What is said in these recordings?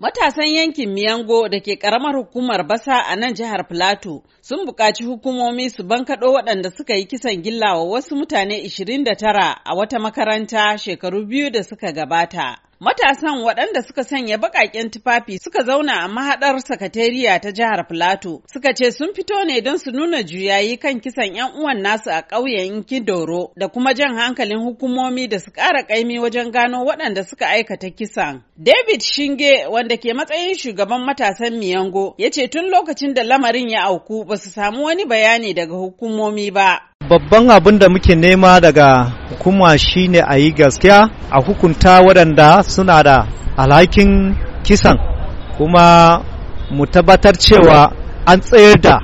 Matasan yankin Miyango da ke karamar hukumar Basa a nan jihar Filato sun buƙaci hukumomi su bankaɗo waɗanda suka yi kisan gilla wa wasu mutane 29 a wata makaranta shekaru biyu da suka gabata. Matasan waɗanda suka sanya baƙaƙen tufafi suka zauna a mahaɗar sakatariya ta jihar Filato suka ce sun fito ne don su nuna juyayi kan kisan 'yan uwan nasu a ƙauyen Kidoro da kuma jan hankalin hukumomi da su ƙara ƙaimi wajen gano waɗanda suka aikata kisan. David Shinge wanda ke matsayin shugaban matasan Miyango ya ce tun lokacin da lamarin ya auku ba su samu wani bayani daga hukumomi ba. babban abin da muke nema daga hukuma shine a yi gaskiya a hukunta waɗanda suna da alhakin kisan kuma mu tabbatar cewa an tsayar da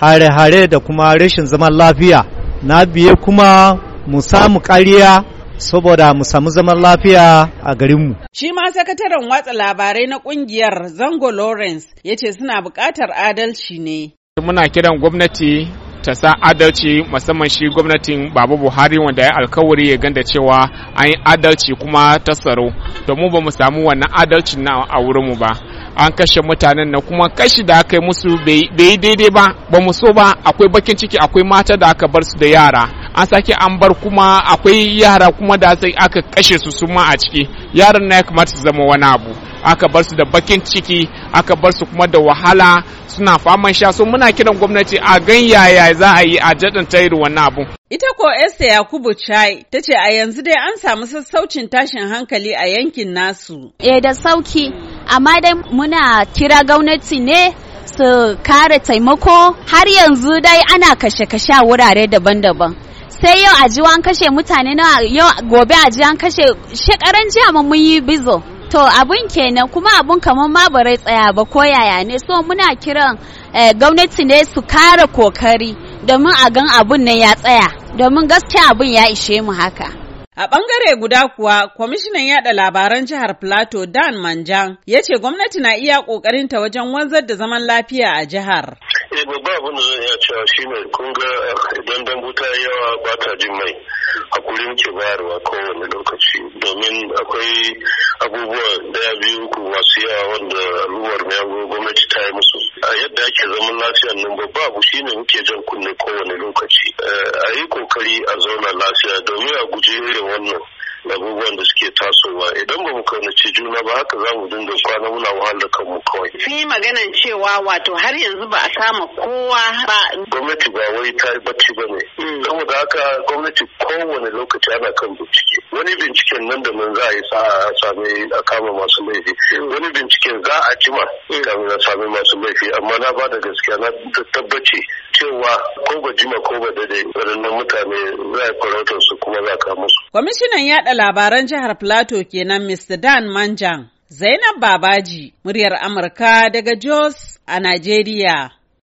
hare-hare da kuma rashin zaman lafiya na biye kuma mu samu kariya saboda mu samu zaman lafiya a garinmu. Shi ma sakataren watsa labarai na kungiyar Zango Lawrence ya ce suna buƙatar adalci ne. Muna kiran gwamnati ta sa adalci musamman shi gwamnatin babu buhari wanda ya alkawari ya ganda cewa an yi adalci kuma ta tsaro domin ba mu samu wannan adalci na a mu ba an kashe mutanen na kuma kashi da aka yi musu bai yi daidai ba ba mu so ba akwai bakin ciki akwai mata da aka bar su da yara an sake an bar kuma akwai yara kuma da aka kashe su suma a ciki yaran na ya kamata su zama wani abu aka bar su da bakin ciki aka bar su kuma da wahala suna faman sha so muna kiran gwamnati a gan yaya za a yi a ta yi wannan abu ita ko Esther Yakubu Chai ta ce a yanzu dai an samu sassaucin tashin hankali a yankin nasu eh da sauki amma dai muna kira gwamnati ne su kare taimako har yanzu dai ana kashe-kashe wurare daban-daban sai yau a ji an kashe mutane na yau gobe a ji an kashe shekaran jiya mun yi bizo to abun kenan kuma abun kamar ma barai tsaya ba ko yaya ne so muna kiran eh, gwamnati ne su kara kokari domin a gan abun nan ya tsaya domin gaskiya abun ya ishe mu haka A ɓangare guda kuwa, kwamishinan yada labaran jihar Plateau Dan Manjan ya ce gwamnati na iya ƙoƙarinta wajen wanzar da zaman lafiya a jihar. Eh babba abin da zan iya cewa ne, kun ga eh, idan dambu ta yawa ba ta jin mai hakuri muke bayarwa kowane lokaci domin akwai abubuwa daya biyu ku masu yawa wanda al'ummar mai gwamnati ta yi musu. A yadda ake zaman lafiya nan babba abu ne muke jan kunne kowane lokaci. hankali a zauna lafiya domin a guji irin wannan da abubuwan da suke tasowa idan ba mu kaunaci juna ba haka za mu dinga kwana muna wahala kanmu kawai. Sun yi maganan cewa wato har yanzu ba a kama kowa ba. Gwamnati ba wai ta yi bacci ba ne. Mm. Saboda haka gwamnati kowane lokaci ana kan bincike. Wani binciken nan da nan za a yi a sami a kama masu laifi. Mm. Wani binciken za a jima mm. kamin a sami masu laifi amma na ba da gaskiya na tabbaci cewa ko ba jima ko ba dade waɗannan mutane za a farautar su kuma za a kama su. Kwamishinan ya yada labaran jihar Plateau kenan Mr. Dan Manjan. Zainab Babaji, muryar Amurka daga Jos a Najeriya.